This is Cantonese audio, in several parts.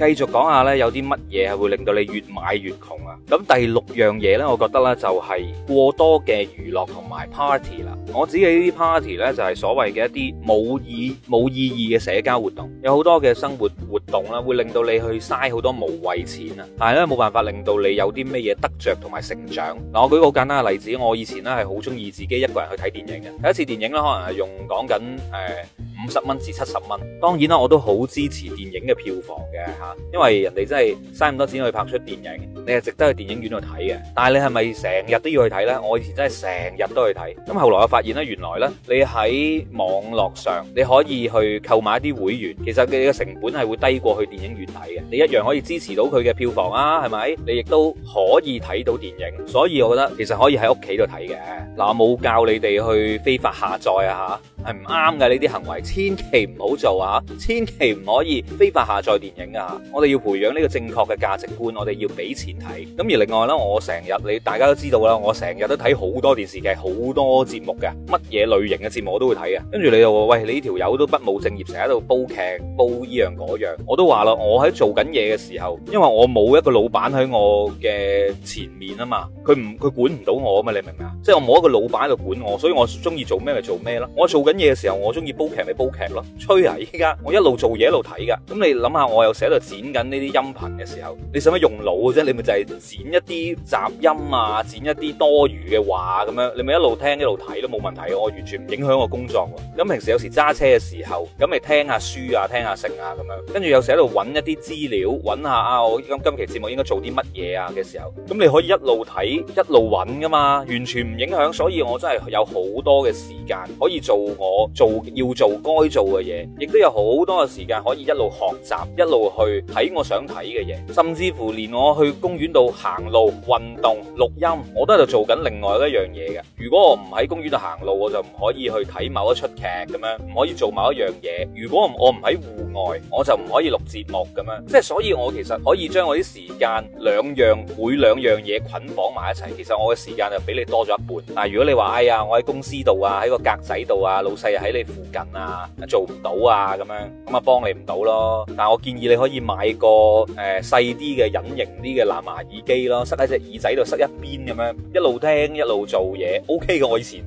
繼續講下咧，有啲乜嘢係會令到你越買越窮啊？咁第六樣嘢呢，我覺得呢就係過多嘅娛樂同埋 party 啦。我指嘅呢啲 party 咧，就係所謂嘅一啲冇意冇意義嘅社交活動，有好多嘅生活活動啦，會令到你去嘥好多無謂錢啊，但係呢，冇辦法令到你有啲咩嘢得着同埋成長。嗱，我舉個好簡單嘅例子，我以前呢係好中意自己一個人去睇電影嘅。第一次電影呢，可能係用講緊誒。呃五十蚊至七十蚊，當然啦，我都好支持電影嘅票房嘅嚇、啊，因為人哋真係嘥咁多錢去拍出電影，你係值得去電影院度睇嘅。但係你係咪成日都要去睇呢？我以前真係成日都去睇，咁後來我發現呢，原來呢，你喺網絡上你可以去購買一啲會員，其實佢嘅成本係會低過去電影院睇嘅，你一樣可以支持到佢嘅票房啊，係咪？你亦都可以睇到電影，所以我覺得其實可以喺屋企度睇嘅。嗱、啊，冇教你哋去非法下載啊嚇。係唔啱嘅呢啲行為，千祈唔好做啊！千祈唔可以非法下載電影啊！我哋要培養呢個正確嘅價值觀，我哋要俾錢睇。咁而另外咧，我成日你大家都知道啦，我成日都睇好多電視劇、好多節目嘅，乜嘢類型嘅節目我都會睇啊！跟住你就話喂，你條友都不務正業，成日喺度煲劇煲呢樣嗰樣，我都話啦，我喺做緊嘢嘅時候，因為我冇一個老闆喺我嘅前面啊嘛，佢唔佢管唔到我啊嘛，你明唔明啊？即係我冇一個老闆喺度管我，所以我中意做咩咪做咩咯。我做緊嘢嘅時候，我中意煲劇咪煲劇咯。吹啊！依家我一路做嘢一路睇噶。咁你諗下，我有時喺度剪緊呢啲音頻嘅時候，你使乜用腦嘅啫？你咪就係剪一啲雜音啊，剪一啲多餘嘅話咁樣，你咪一路聽一路睇都冇問題。我完全唔影響我工作喎。咁平時有時揸車嘅時候，咁咪聽下書啊，聽下剩啊咁樣。跟住有時喺度揾一啲資料，揾下啊，我今期節目應該做啲乜嘢啊嘅時候，咁你可以一路睇一路揾噶嘛，完全。唔影響，所以我真係有好多嘅時間可以做我做要做該做嘅嘢，亦都有好多嘅時間可以一路學習一路去睇我想睇嘅嘢，甚至乎連我去公園度行路運動錄音，我都喺度做緊另外一樣嘢嘅。如果我唔喺公園度行路，我就唔可以去睇某一齣劇，咁樣唔可以做某一樣嘢。如果我唔喺戶外，我就唔可以錄節目，咁樣即係所以，我其實可以將我啲時間兩樣每兩樣嘢捆綁埋一齊，其實我嘅時間就比你多咗。嗱，如果你話，哎呀，我喺公司度啊，喺個格仔度啊，老細喺你附近啊，做唔到啊咁樣，咁啊幫你唔到咯。但係我建議你可以買個誒、呃、細啲嘅隱形啲嘅藍牙耳機咯，塞喺隻耳仔度，塞一邊咁樣，一路聽一路做嘢，OK 嘅。我以前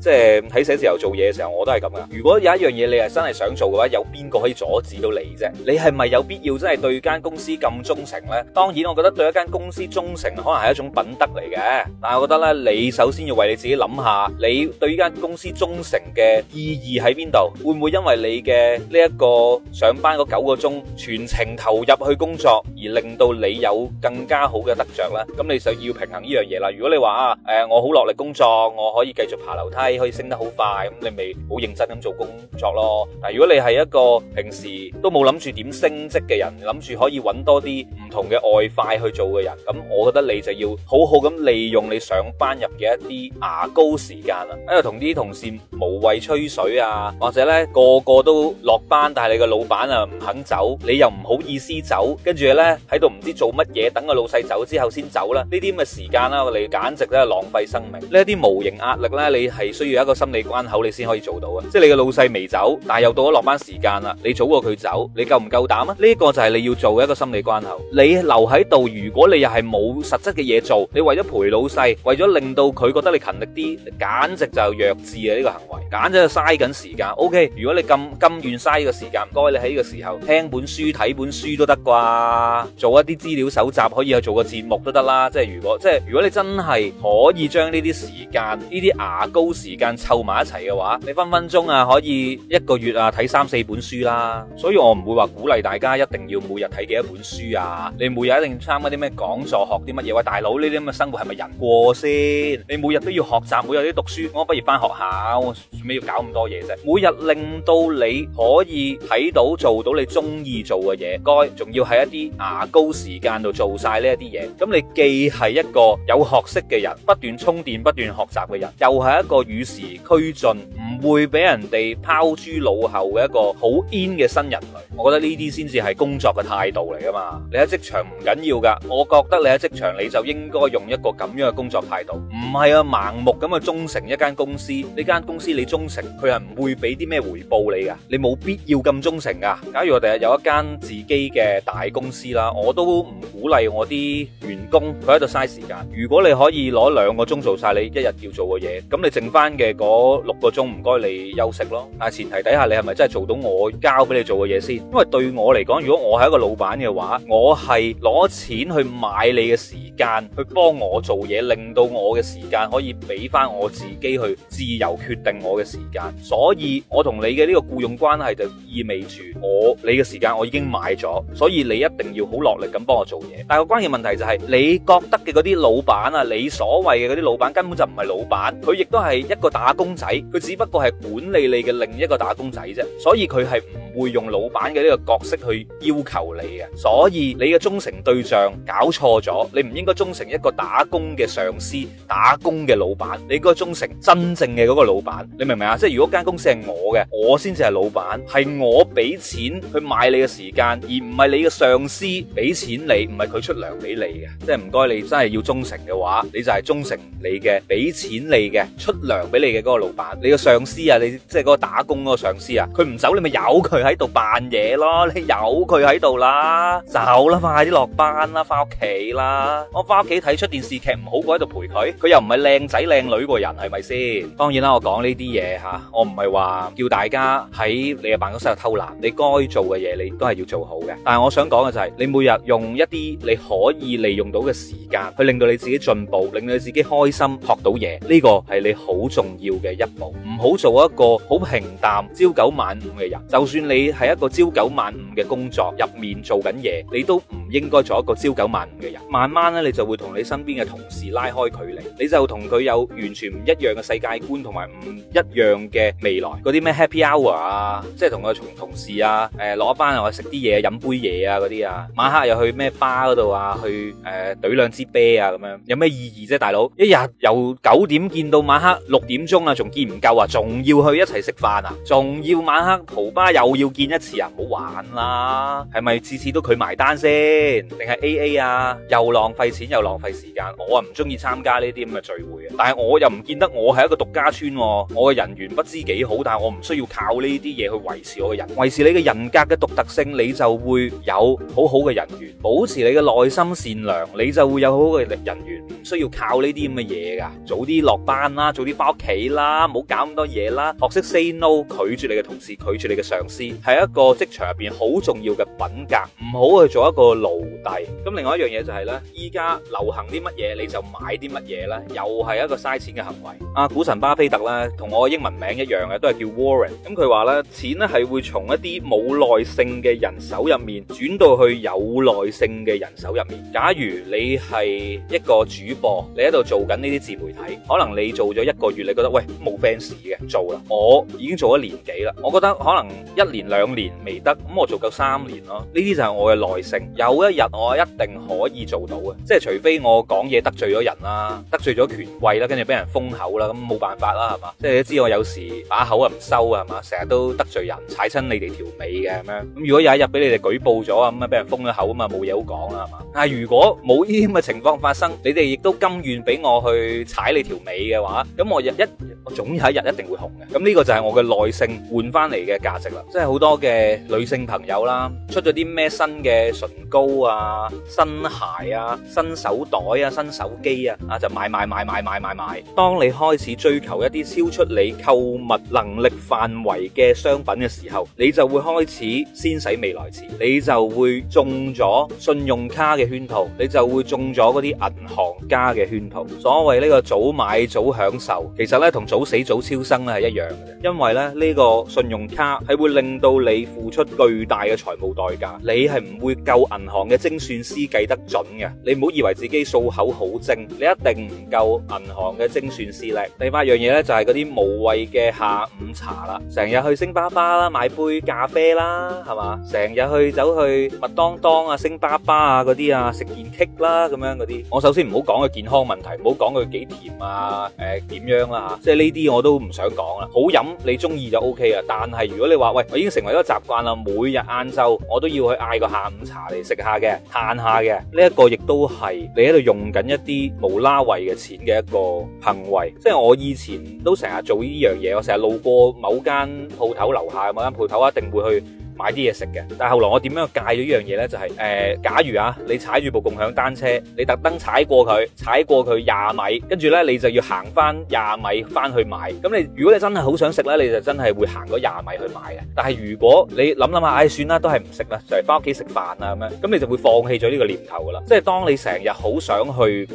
誒即係喺寫字樓做嘢嘅時候，我都係咁噶。如果有一樣嘢你係真係想做嘅話，有邊個可以阻止到你啫？你係咪有必要真係對間公司咁忠誠呢？當然，我覺得對一間公司忠誠可能係一種品德嚟嘅，但係我覺得咧你，首先要為你自己諗下，你對呢間公司忠誠嘅意義喺邊度？會唔會因為你嘅呢一個上班嗰九個鐘全程投入去工作，而令到你有更加好嘅得著呢？咁你就要平衡呢樣嘢啦。如果你話啊，誒、呃，我好落力工作，我可以繼續爬樓梯，可以升得好快，咁你咪好認真咁做工作咯。但如果你係一個平時都冇諗住點升職嘅人，諗住可以揾多啲，同嘅外快去做嘅人，咁我覺得你就要好好咁利用你上班入嘅一啲牙膏時間啊，喺度同啲同事無謂吹水啊，或者咧個個都落班，但係你嘅老闆啊唔肯走，你又唔好意思走，跟住咧喺度唔知做乜嘢，等個老細走之後先走啦。呢啲咁嘅時間啦、啊，你簡直都係浪費生命。呢一啲無形壓力咧，你係需要一個心理關口，你先可以做到啊。即係你嘅老細未走，但係又到咗落班時間啦，你早過佢走，你夠唔夠膽啊？呢、這個就係你要做一個心理關口。你留喺度，如果你又係冇實質嘅嘢做，你為咗陪老細，為咗令到佢覺得你勤力啲，簡直就弱智啊！呢個行為，簡直就嘥緊時間。OK，如果你咁咁願嘥個時間，唔該你喺呢個時候聽本書、睇本書都得啩，做一啲資料搜集可以去做個節目都得啦。即係如果即係如果你真係可以將呢啲時間、呢啲牙膏時間湊埋一齊嘅話，你分分鐘啊可以一個月啊睇三四本書啦。所以我唔會話鼓勵大家一定要每日睇幾多本書啊。你每日一定參加啲咩講座，學啲乜嘢？喂，大佬呢啲咁嘅生活係咪人過先？你每日都要學習，每日都要讀書。我畢業返學校，做咩要搞咁多嘢啫？每日令到你可以睇到、做到你中意做嘅嘢，該仲要喺一啲牙膏時間度做晒呢一啲嘢。咁你既係一個有學識嘅人，不斷充電、不斷學習嘅人，又係一個與時俱進，唔會俾人哋拋諸腦後嘅一個好 in 嘅新人類。我覺得呢啲先至係工作嘅態度嚟㗎嘛。你一場唔緊要噶，我覺得你喺職場，你就應該用一個咁樣嘅工作態度，唔係啊，盲目咁去忠誠一間公司，呢間公司你忠誠，佢係唔會俾啲咩回報你噶，你冇必要咁忠誠噶。假如我哋有一間自己嘅大公司啦，我都唔鼓勵我啲員工佢喺度嘥時間。如果你可以攞兩個鐘做晒你一日要做嘅嘢，咁你剩翻嘅嗰六個鐘，唔該你休息咯。但係前提底下你係咪真係做到我交俾你做嘅嘢先？因為對我嚟講，如果我係一個老闆嘅話，我。係攞錢去買你嘅時間，去幫我做嘢，令到我嘅時間可以俾翻我自己去自由決定我嘅時間。所以，我同你嘅呢個僱傭關係就意味住我你嘅時間我已經買咗，所以你一定要好落力咁幫我做嘢。但係個關鍵問題就係，你覺得嘅嗰啲老闆啊，你所謂嘅嗰啲老闆根本就唔係老闆，佢亦都係一個打工仔，佢只不過係管理你嘅另一個打工仔啫。所以佢係唔會用老闆嘅呢個角色去要求你嘅。所以你嘅。忠誠對象搞錯咗，你唔應該忠誠一個打工嘅上司、打工嘅老闆，你應該忠誠真正嘅嗰個老闆。你明唔明啊？即係如果間公司係我嘅，我先至係老闆，係我俾錢去買你嘅時間，而唔係你嘅上司俾錢你，唔係佢出糧俾你嘅。即係唔該，你真係要忠誠嘅話，你就係忠誠你嘅俾錢你嘅出糧俾你嘅嗰個老闆，你嘅上司啊，你即係嗰個打工嗰個上司啊，佢唔走，你咪由佢喺度扮嘢咯，你由佢喺度啦，走啦。快啲落班啦，返屋企啦！我返屋企睇出電視劇，唔好過喺度陪佢。佢又唔係靚仔靚女個人，係咪先？當然啦，我講呢啲嘢吓，我唔係話叫大家喺你嘅辦公室度偷懶。你該做嘅嘢，你都係要做好嘅。但係我想講嘅就係，你每日用一啲你可以利用到嘅時間，去令到你自己進步，令到你自己開心，學到嘢。呢個係你好重要嘅一步。唔好做一個好平淡朝九晚五嘅人。就算你係一個朝九晚五嘅工作入面做緊嘢，你都唔。唔應該做一個朝九晚五嘅人，慢慢咧你就會同你身邊嘅同事拉開距離，你就同佢有完全唔一樣嘅世界觀，同埋唔一樣嘅未來。嗰啲咩 Happy Hour 啊，即係同佢同同事啊，誒落一班又去食啲嘢、飲杯嘢啊嗰啲啊，晚黑又去咩吧嗰度啊，去誒兌兩支啤啊咁樣，有咩意義啫，大佬？一日由九點見到晚黑六點鐘啊，仲見唔夠啊？仲要去一齊食飯啊？仲要晚黑蒲吧又要見一次啊？唔好玩啦，係咪次次都佢埋單先？定係 A A 啊，又浪費錢又浪費時間，我啊唔中意參加呢啲咁嘅聚會嘅。但係我又唔見得我係一個獨家村，我嘅人緣不知幾好。但係我唔需要靠呢啲嘢去維持我嘅人，維持你嘅人格嘅獨特性，你就會有好好嘅人緣。保持你嘅內心善良，你就會有好好嘅人緣。唔需要靠呢啲咁嘅嘢噶，早啲落班啦，早啲翻屋企啦，唔好搞咁多嘢啦。學識 say no 拒絕你嘅同事，拒絕你嘅上司，係一個職場入邊好重要嘅品格。唔好去做一個。個奴隸咁，另外一樣嘢就係呢，依家流行啲乜嘢你就買啲乜嘢呢，又係一個嘥錢嘅行為。啊，股神巴菲特呢，同我英文名一樣嘅，都係叫 Warren。咁佢話呢，錢呢係會從一啲冇耐性嘅人手入面轉到去有耐性嘅人手入面。假如你係一個主播，你喺度做緊呢啲自媒體，可能你做咗一個月，你覺得，喂，冇 fans 嘅做啦，我已經做咗年幾啦，我覺得可能一年兩年未得，咁我做夠三年咯，呢啲就係我嘅耐性。有一日我一定可以做到嘅，即係除非我講嘢得罪咗人啦，得罪咗權貴啦，跟住俾人封口啦，咁冇辦法啦，係嘛？即係你都知我有時把口啊唔收啊，係嘛？成日都得罪人，踩親你哋條尾嘅咁樣。咁如果有一日俾你哋舉報咗啊，咁啊俾人封咗口啊嘛，冇嘢好講啊係嘛？但係如果冇呢啲咁嘅情況發生，你哋亦都甘願俾我去踩你條尾嘅話，咁我日一。我總有一日一定會紅嘅，咁呢個就係我嘅耐性換翻嚟嘅價值啦。即係好多嘅女性朋友啦，出咗啲咩新嘅唇膏啊、新鞋啊、新手袋啊、新手機啊，啊就買買，買買買買買買買。當你開始追求一啲超出你購物能力範圍嘅商品嘅時候，你就會開始先使未來錢，你就會中咗信用卡嘅圈套，你就會中咗嗰啲銀行家嘅圈套。所謂呢個早買早享受，其實呢，同早死早超生咧係一樣嘅，因為咧呢個信用卡係會令到你付出巨大嘅財務代價，你係唔會夠銀行嘅精算師計得準嘅。你唔好以為自己數口好精，你一定唔夠銀行嘅精算師叻。第八樣嘢咧就係嗰啲無謂嘅下午茶啦，成日去星巴巴啦，買杯咖啡啦，係嘛？成日去走去麥當當啊、星巴巴啊嗰啲啊，食件 cake 啦咁樣嗰啲。我首先唔好講佢健康問題，唔好講佢幾甜啊，誒點樣啦嚇，即係。呢啲我都唔想講啦。好飲，你中意就 O K 啦。但係如果你話喂，我已經成為咗習慣啦，每日晏晝我都要去嗌個下午茶嚟食下嘅、嘆下嘅，呢一個亦都係你喺度用緊一啲無啦謂嘅錢嘅一個行為。即係我以前都成日做呢樣嘢，我成日路過某間鋪頭樓下，某間鋪頭一定會去。買啲嘢食嘅，但係後來我點樣戒咗呢樣嘢咧？就係誒，假如啊，你踩住部共享單車，你特登踩過佢，踩過佢廿米，跟住咧你就要行翻廿米翻去買。咁你如果你真係好想食咧，你就真係會行嗰廿米去買嘅。但係如果你諗諗下，唉，算啦，都係唔食啦，就係翻屋企食飯啊咁樣，咁你就會放棄咗呢個念頭噶啦。即係當你成日好想去誒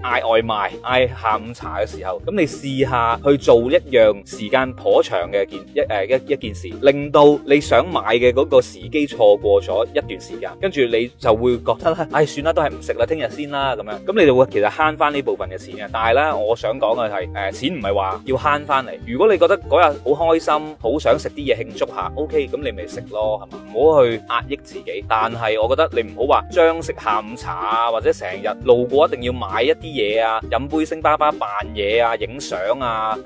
嗌外賣、嗌下午茶嘅時候，咁你試下去做一樣時間頗長嘅件一誒一一件事，令到你想買嘅。嗰個時機錯過咗一段時間，跟住你就會覺得咧，唉，算啦，都係唔食啦，聽日先啦咁樣。咁你就會其實慳翻呢部分嘅錢嘅。但係咧，我想講嘅係，誒，錢唔係話要慳翻嚟。如果你覺得嗰日好開心，好想食啲嘢慶祝下，OK，咁你咪食咯，係嘛，唔好去壓抑自己。但係，我覺得你唔好話將食下午茶啊，或者成日路過一定要買一啲嘢啊，飲杯星巴克扮嘢啊，影相啊。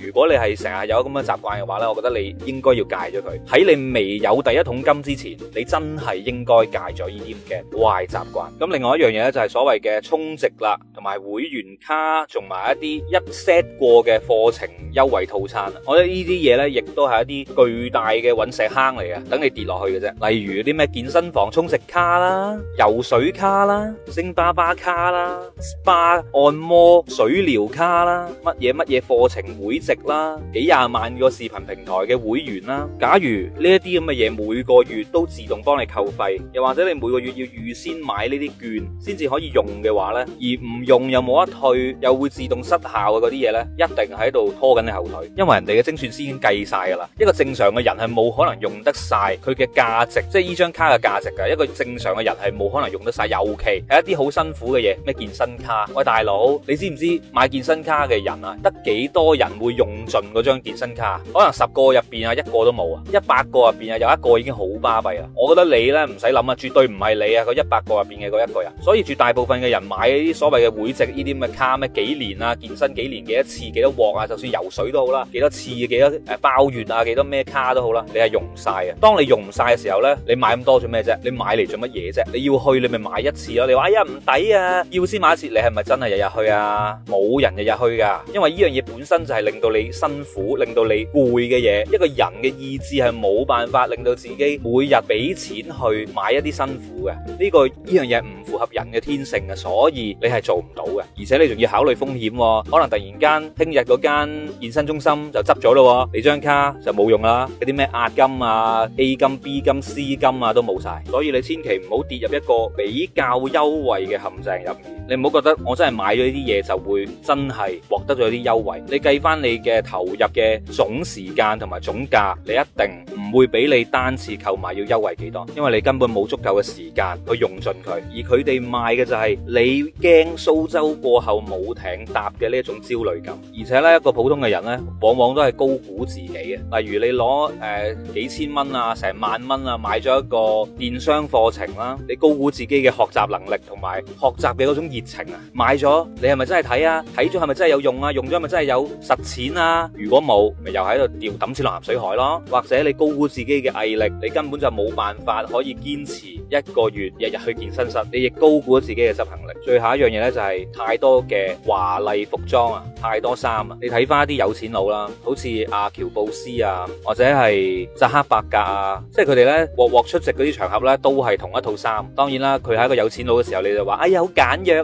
誒，如果你係成日有咁嘅習慣嘅話咧，我覺得你應該要戒咗佢。喺你未有第一桶金之前，你真係應該戒咗呢啲咁嘅壞習慣。咁另外一樣嘢咧，就係所謂嘅充值啦，同埋會員卡，同埋一啲一 set 過嘅課程優惠套餐。我覺得呢啲嘢咧，亦都係一啲巨大嘅隕石坑嚟嘅，等你跌落去嘅啫。例如啲咩健身房充值卡啦、游水卡啦、星巴巴卡啦、SPA 按摩水療卡啦、乜嘢乜嘢課程會籍啦、幾廿萬個視頻平台嘅會員啦。假如呢一啲咁嘅嘢，每個月都自動幫你扣費，又或者你每個月要預先買呢啲券先至可以用嘅話呢，而唔用又冇得退，又會自動失效嘅嗰啲嘢呢，一定喺度拖緊你後腿。因為人哋嘅精算師已經計晒㗎啦，一個正常嘅人係冇可能用得晒佢嘅價值，即係呢張卡嘅價值㗎。一個正常嘅人係冇可能用得晒。尤其係一啲好辛苦嘅嘢，咩健身卡？喂，大佬，你知唔知買健身卡嘅人啊，得幾多人會用盡嗰張健身卡？可能十個入邊啊，一個都冇啊，一百個入邊啊，有一個。我已經好巴閉啦，我覺得你咧唔使諗啊，絕對唔係你啊嗰一百個入邊嘅嗰一個人，所以絕大部分嘅人買啲所謂嘅會籍呢啲咁嘅卡咩幾年啊，健身幾年幾多次幾多鑊啊，就算游水都好啦，幾多次幾多誒包月啊幾多咩卡都好啦，你係用唔晒啊！當你用唔晒嘅時候咧，你買咁多做咩啫？你買嚟做乜嘢啫？你要去你咪買一次咯，啊。你話，哎呀唔抵啊？要先買一次，你係咪真係日日去啊？冇人日日去噶，因為呢樣嘢本身就係令到你辛苦，令到你攰嘅嘢。一個人嘅意志係冇辦法令。自己每日俾錢去買一啲辛苦嘅，呢個呢樣嘢唔符合人嘅天性嘅，所以你係做唔到嘅，而且你仲要考慮風險，可能突然間聽日嗰間健身中心就執咗咯，你張卡就冇用啦，嗰啲咩押金啊 A 金 B 金 C 金啊都冇晒，所以你千祈唔好跌入一個比較優惠嘅陷阱入面。你唔好覺得我真係買咗呢啲嘢就會真係獲得咗啲優惠。你計翻你嘅投入嘅總時間同埋總價，你一定唔會比你單次購買要優惠幾多，因為你根本冇足夠嘅時間去用盡佢。而佢哋賣嘅就係你驚蘇州過後冇艇搭嘅呢種焦慮感。而且呢，一個普通嘅人呢，往往都係高估自己嘅。例如你攞誒幾千蚊啊，成萬蚊啊，買咗一個電商課程啦，你高估自己嘅學習能力同埋學習嘅嗰種熱熱情啊，買咗你係咪真係睇啊？睇咗係咪真係有用啊？用咗係咪真係有實踐啊？如果冇，咪又喺度掉抌錢落鹹水海咯。或者你高估自己嘅毅力，你根本就冇辦法可以堅持一個月日日去健身室。你亦高估咗自己嘅執行力。最後一樣嘢咧，就係太多嘅華麗服裝啊，太多衫啊。你睇翻一啲有錢佬啦，好似阿喬布斯啊，或者係扎克伯格啊，即係佢哋咧鑊鑊出席嗰啲場合咧，都係同一套衫。當然啦，佢喺一個有錢佬嘅時候，你就話哎呀好簡約。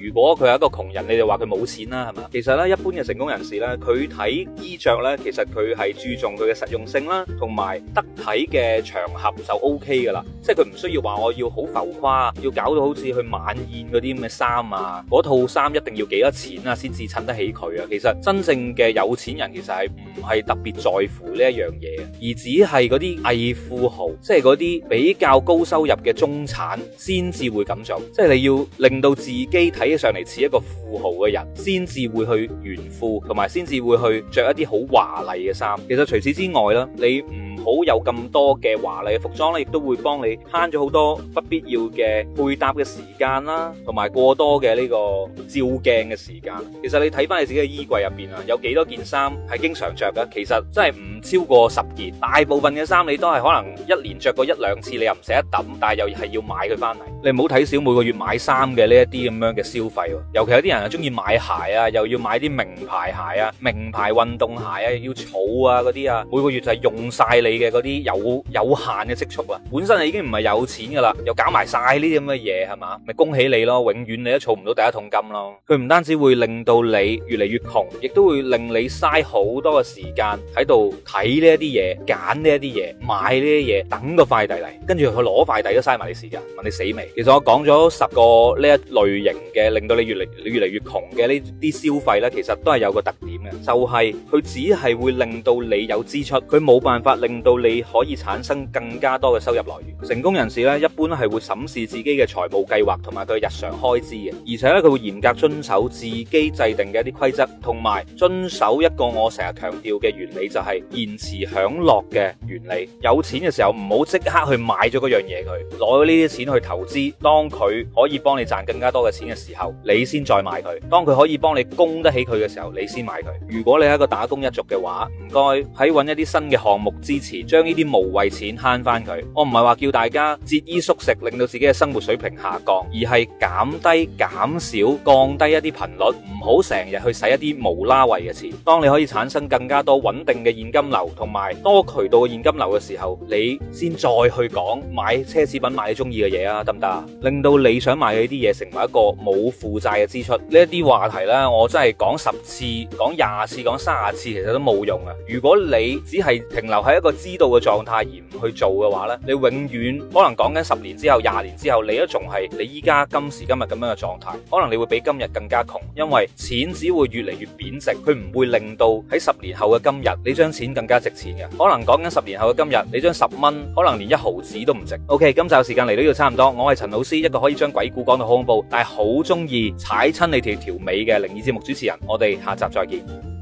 如果佢係一個窮人，你就話佢冇錢啦，係嘛？其實咧，一般嘅成功人士咧，佢睇衣着咧，其實佢係注重佢嘅實用性啦，同埋得體嘅場合就 OK 噶啦。即係佢唔需要話我要好浮誇，要搞到好似去晚宴嗰啲咁嘅衫啊，嗰套衫一定要幾多錢啊，先至襯得起佢啊。其實真正嘅有錢人，其實係唔係特別在乎呢一樣嘢，而只係嗰啲偽富豪，即係嗰啲比較高收入嘅中產，先至會咁做。即係你要令到。自己睇起上嚟似一個富豪嘅人，先至會去炫富，同埋先至會去着一啲好華麗嘅衫。其實除此之外咧，你唔。冇有咁多嘅華麗嘅服裝咧，亦都會幫你慳咗好多不必要嘅配搭嘅時間啦，同埋過多嘅呢個照鏡嘅時間。其實你睇翻你自己嘅衣櫃入邊啊，有幾多件衫係經常著㗎？其實真係唔超過十件。大部分嘅衫你都係可能一年著過一兩次，你又唔捨得抌，但係又係要買佢翻嚟。你唔好睇少每個月買衫嘅呢一啲咁樣嘅消費。尤其有啲人係中意買鞋啊，又要買啲名牌鞋啊、名牌運動鞋啊，要儲啊嗰啲啊，每個月就係用曬你。嘅嗰啲有有限嘅積蓄啊，本身啊已經唔係有錢噶啦，又搞埋晒呢啲咁嘅嘢，係嘛？咪恭喜你咯，永遠你都儲唔到第一桶金咯。佢唔單止會令到你越嚟越窮，亦都會令你嘥好多嘅時間喺度睇呢一啲嘢，揀呢一啲嘢，買呢啲嘢，等個快遞嚟，跟住佢攞快遞都嘥埋你時間，問你死未？其實我講咗十個呢一類型嘅令到你越嚟越嚟越窮嘅呢啲消費呢，其實都係有個特點嘅，就係佢只係會令到你有支出，佢冇辦法令。到你可以產生更加多嘅收入來源。成功人士咧，一般係會審視自己嘅財務計劃同埋佢日常開支嘅，而且咧佢會嚴格遵守自己制定嘅一啲規則，同埋遵守一個我成日強調嘅原理，就係延遲享樂嘅原理。有錢嘅時候唔好即刻去買咗嗰樣嘢，佢攞咗呢啲錢去投資。當佢可以幫你賺更加多嘅錢嘅時候，你先再買佢。當佢可以幫你供得起佢嘅時候，你先買佢。如果你係一個打工一族嘅話，唔該喺揾一啲新嘅項目之前，將呢啲無謂錢慳翻佢，我唔係話叫大家節衣縮食，令到自己嘅生活水平下降，而係減低、減少、降低一啲頻率，唔好成日去使一啲無啦喂嘅錢。當你可以產生更加多穩定嘅現金流，同埋多渠道嘅現金流嘅時候，你先再去講買奢侈品、買你中意嘅嘢啊，得唔得啊？令到你想買嘅呢啲嘢，成為一個冇負債嘅支出。呢一啲話題呢，我真係講十次、講廿次、講三十次，其實都冇用啊！如果你只係停留喺一個。知道嘅狀態而唔去做嘅話呢，你永遠可能講緊十年之後、廿年之後，你都仲係你依家今時今日咁樣嘅狀態。可能你會比今日更加窮，因為錢只會越嚟越貶值，佢唔會令到喺十年後嘅今日你將錢更加值錢嘅。可能講緊十年後嘅今日，你將十蚊可能連一毫子都唔值。OK，今集時間嚟到呢度差唔多，我係陳老師，一個可以將鬼故講到好恐怖，但係好中意踩親你條條尾嘅靈異節目主持人，我哋下集再見。